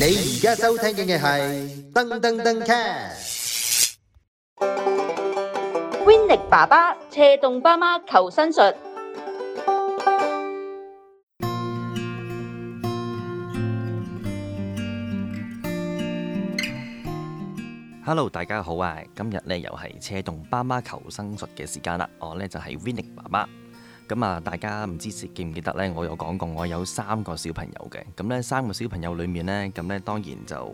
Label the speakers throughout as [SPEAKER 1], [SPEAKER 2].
[SPEAKER 1] 你而家收聽嘅係噔噔噔 Cast，Winny 爸爸車動爸媽求生術。Hello，大家好啊！今日呢又係車動爸媽求生術嘅時間啦。我呢就係 Winny 爸爸。咁啊，大家唔知記唔記得呢？我有講過，我有三個小朋友嘅。咁呢三個小朋友裡面呢，咁呢當然就誒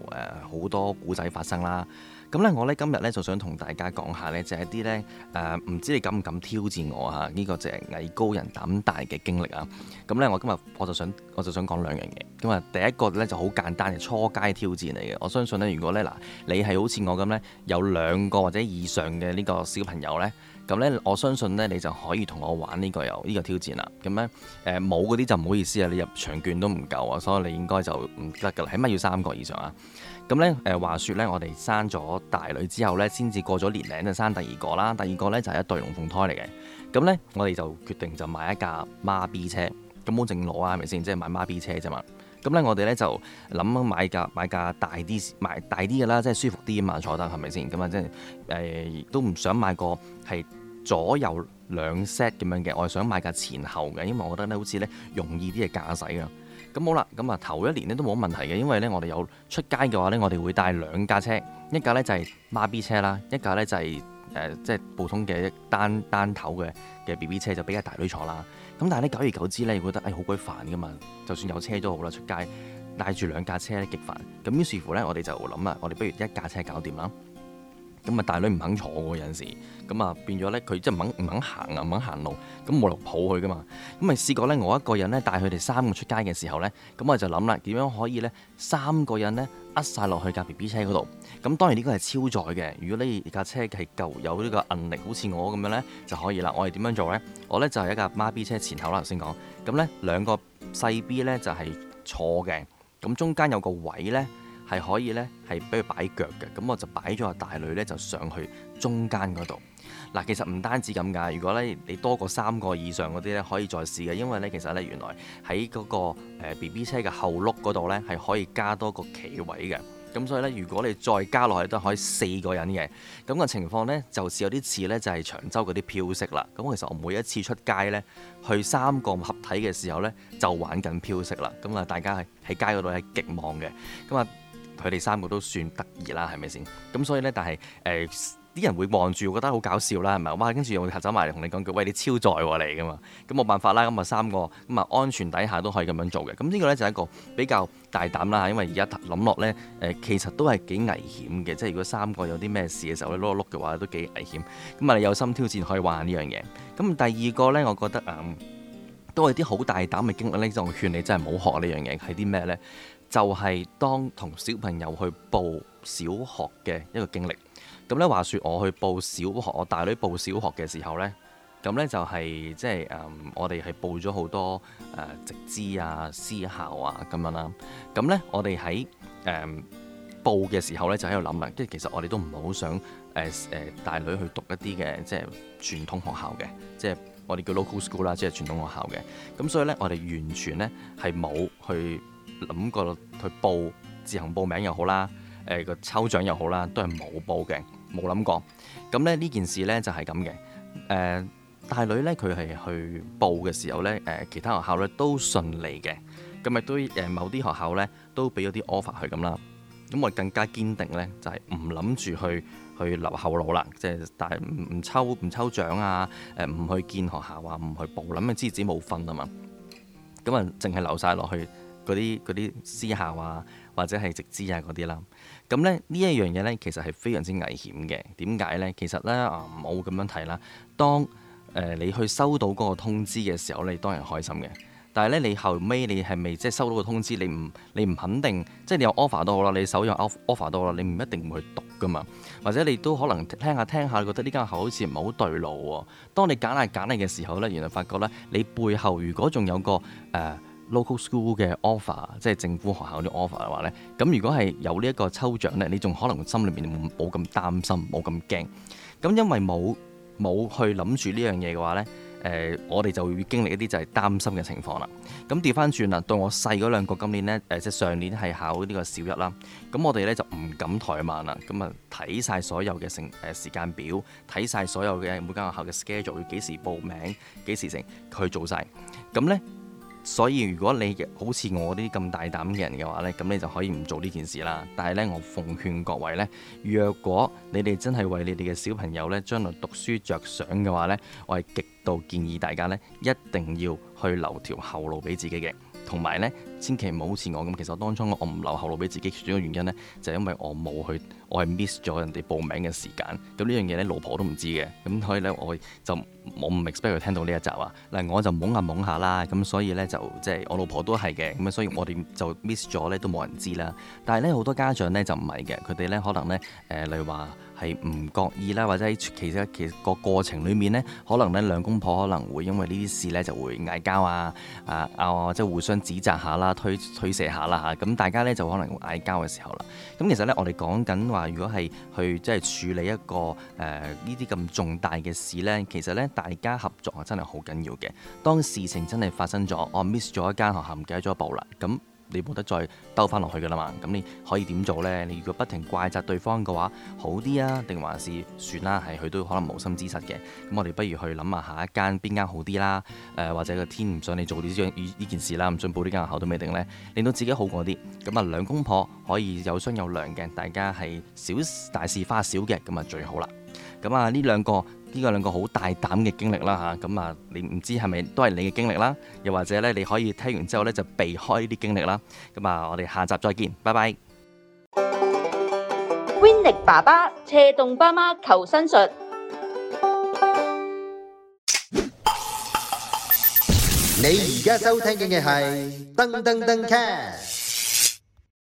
[SPEAKER 1] 好多古仔發生啦。咁咧，我咧今日咧就想同大家講下咧，就係啲咧，誒、呃、唔知你敢唔敢挑戰我啊？呢、這個就係藝高人膽大嘅經歷啊！咁咧，我今日我就想我就想講兩樣嘢。咁啊，第一個咧就好簡單嘅初階挑戰嚟嘅。我相信咧，如果咧嗱，你係好似我咁咧，有兩個或者以上嘅呢個小朋友咧，咁咧我相信咧你就可以同我玩呢個又呢個挑戰啦。咁咧誒冇嗰啲就唔好意思啊，你入場券都唔夠啊，所以你應該就唔得㗎啦，起碼要三個以上啊！咁咧，誒話説咧，我哋生咗大女之後咧，先至過咗年零就生第二個啦。第二個咧就係一對龍鳳胎嚟嘅。咁咧，我哋就決定就買一架孖 B 車，咁本淨攞啊，係咪先？即係買孖 B 車啫嘛。咁咧，我哋咧就諗買架買架大啲，買大啲嘅啦，即係舒服啲啊嘛，坐得係咪先？咁啊，即係誒、呃、都唔想買個係左右兩 set 咁樣嘅，我係想買架前後嘅，因為我覺得咧好似咧容易啲嘅駕駛啊。咁好啦，咁啊頭一年咧都冇乜問題嘅，因為呢，我哋有出街嘅話呢，我哋會帶兩架車，一架呢就係孖 B 車啦，一架呢就係誒、呃、即係普通嘅單單頭嘅嘅 B B 車就俾阿大女坐啦。咁但係呢，久而久之咧，又覺得誒好鬼煩噶嘛，就算有車都好啦，出街帶住兩架車咧極煩。咁於是乎呢，我哋就諗啊，我哋不如一架車搞掂啦。咁啊大女唔肯坐喎，有陣時，咁啊變咗咧佢即係冇唔肯行啊唔肯行路，咁冇路抱佢噶嘛，咁咪試過咧我一個人咧帶佢哋三個出街嘅時候咧，咁我就諗啦，點樣可以咧三個人咧呃晒落去架 B B 車嗰度，咁當然呢個係超載嘅，如果你架車係夠有呢個韌力，好似我咁樣咧就可以啦。我係點樣做咧？我咧就係一架孖 B 車前後啦，頭先講，咁咧兩個細 B 咧就係坐嘅，咁中間有個位咧。係可以呢，係俾佢擺腳嘅。咁我就擺咗個大女呢，就上去中間嗰度嗱。其實唔單止咁㗎，如果呢你多過三個以上嗰啲呢，可以再試嘅。因為呢，其實呢，原來喺嗰個 B B 車嘅後轆嗰度呢，係可以加多個企位嘅。咁所以呢，如果你再加落去都可以四個人嘅咁個情況呢，就似、是、有啲似呢，就係長洲嗰啲飄色啦。咁其實我每一次出街呢，去三個合體嘅時候呢，就玩緊飄色啦。咁啊，大家係喺街嗰度係極望嘅咁啊。佢哋三個都算得意啦，係咪先？咁所以呢，但係誒啲人會望住，覺得好搞笑啦，係咪？哇！跟住又走埋嚟同你講句，喂，你超載嚟㗎嘛！咁冇辦法啦，咁、嗯、啊三個咁啊、嗯、安全底下都可以咁樣做嘅。咁呢個呢，就係、是、一個比較大膽啦，因為而家諗落呢，誒、呃，其實都係幾危險嘅，即係如果三個有啲咩事嘅時候咧，碌一碌嘅話都幾危險。咁啊，你有心挑戰可以玩呢樣嘢。咁第二個呢，我覺得、嗯、都係啲好大膽嘅經歷，呢就勸你真係冇學呢樣嘢，係啲咩呢？就係當同小朋友去報小學嘅一個經歷。咁咧，話説我去報小學，我大女報小學嘅時候呢，咁呢就係、是、即係誒、嗯，我哋係報咗好多誒、呃、直資啊、私校啊咁樣啦、啊。咁呢我哋喺誒報嘅時候呢，就喺度諗啦，即係其實我哋都唔係好想誒誒大女去讀一啲嘅即係傳統學校嘅，即係我哋叫 local school 啦，即係傳統學校嘅。咁所以呢，我哋完全呢係冇去。諗過去報自行報名又好啦，誒個抽獎又好啦，too, 都係冇報嘅，冇諗過。咁咧呢件事呢，就係咁嘅誒。大女呢，佢係去報嘅時候呢，誒、呃、其他學校呢，學校呢都順利嘅，咁咪都誒某啲學校呢都俾咗啲 offer 佢咁啦。咁、嗯、我更加堅定呢，就係唔諗住去去留後路啦，即係但係唔唔抽唔抽獎啊，誒唔去見學校話唔去報，諗嘅自己冇份啊嘛。咁啊，淨係留晒落去。嗰啲嗰啲私校啊，或者係直資啊嗰啲啦，咁咧呢一樣嘢呢，其實係非常之危險嘅。點解呢？其實呢，啊，唔好咁樣睇啦。當誒、呃、你去收到嗰個通知嘅時候，你當然開心嘅。但係呢，你後尾你係未即係、就是、收到個通知，你唔你唔肯定，即、就、係、是、你有 offer 都好啦，你手有 offer 都好啦，你唔一定會去讀噶嘛。或者你都可能聽下聽下，覺得呢間校好似唔係好對路喎、哦。當你揀嚟揀嚟嘅時候呢，原來發覺呢，你背後如果仲有個誒。呃 local school 嘅 offer，即係政府學校啲 offer 嘅話呢。咁如果係有呢一個抽獎呢，你仲可能心裏面冇咁擔心，冇咁驚。咁因為冇冇去諗住呢樣嘢嘅話呢，誒、呃，我哋就會經歷一啲就係擔心嘅情況啦。咁調翻轉啦，到我細嗰兩個今年呢，誒，即係上年係考呢個小一啦。咁我哋呢就唔敢怠慢啦，咁啊睇晒所有嘅成誒、呃、時間表，睇晒所有嘅每間學校嘅 schedule，要幾時報名，幾時成去做晒。咁呢。所以如果你好似我啲咁大膽嘅人嘅話呢，咁你就可以唔做呢件事啦。但係呢，我奉勸各位呢，若果你哋真係為你哋嘅小朋友呢將來讀書着想嘅話呢，我係極度建議大家呢，一定要去留條後路俾自己嘅，同埋呢。千祈唔好好似我咁，其實我當初我唔留後路俾自己，主要原因呢就係因為我冇去，我係 miss 咗人哋報名嘅時間。咁呢樣嘢呢，老婆都唔知嘅。咁所以呢，我就我唔 expect 佢聽到呢一集啊。嗱，我就懵下懵下啦。咁所以呢，就即係我老婆都係嘅。咁所以我哋就 miss 咗呢，都冇人知啦。但係呢，好多家長呢，就唔係嘅，佢哋呢，可能呢，誒、呃、例如話係唔覺意啦，或者其實其實個過程裡面呢，可能呢兩公婆可能會因為呢啲事呢，就會嗌交啊啊拗啊，啊，啊，即係互相指責下啦。退退卸下啦吓，咁大家呢就可能會嗌交嘅時候啦。咁其實呢，我哋講緊話，如果係去即係處理一個誒呢啲咁重大嘅事呢，其實呢，大家合作啊真係好緊要嘅。當事情真係發生咗，我 miss 咗一間學校，唔記得咗一步啦，咁。你冇得再兜翻落去噶啦嘛，咁你可以點做呢？你如果不停怪責對方嘅話，好啲啊，定還是算啦，啊，係佢都可能無心之失嘅。咁我哋不如去諗下下一間邊間好啲啦，啊呃，或者個天唔想你做呢樣呢件事啦，啊，唔進步呢間學校都未定呢，令到自己好過啲。咁啊，兩公婆可以有商有量嘅，大家係小事，大事化小嘅，咁啊最好啦。咁啊呢兩個。呢個兩個好大膽嘅經歷啦嚇，咁啊，啊你唔知係咪都係你嘅經歷啦，又或者咧你可以聽完之後咧就避開呢啲經歷啦。咁啊，我哋下集再見，拜拜。Winny 爸爸斜洞，媽媽求生術。你而家收聽緊嘅係噔噔噔 c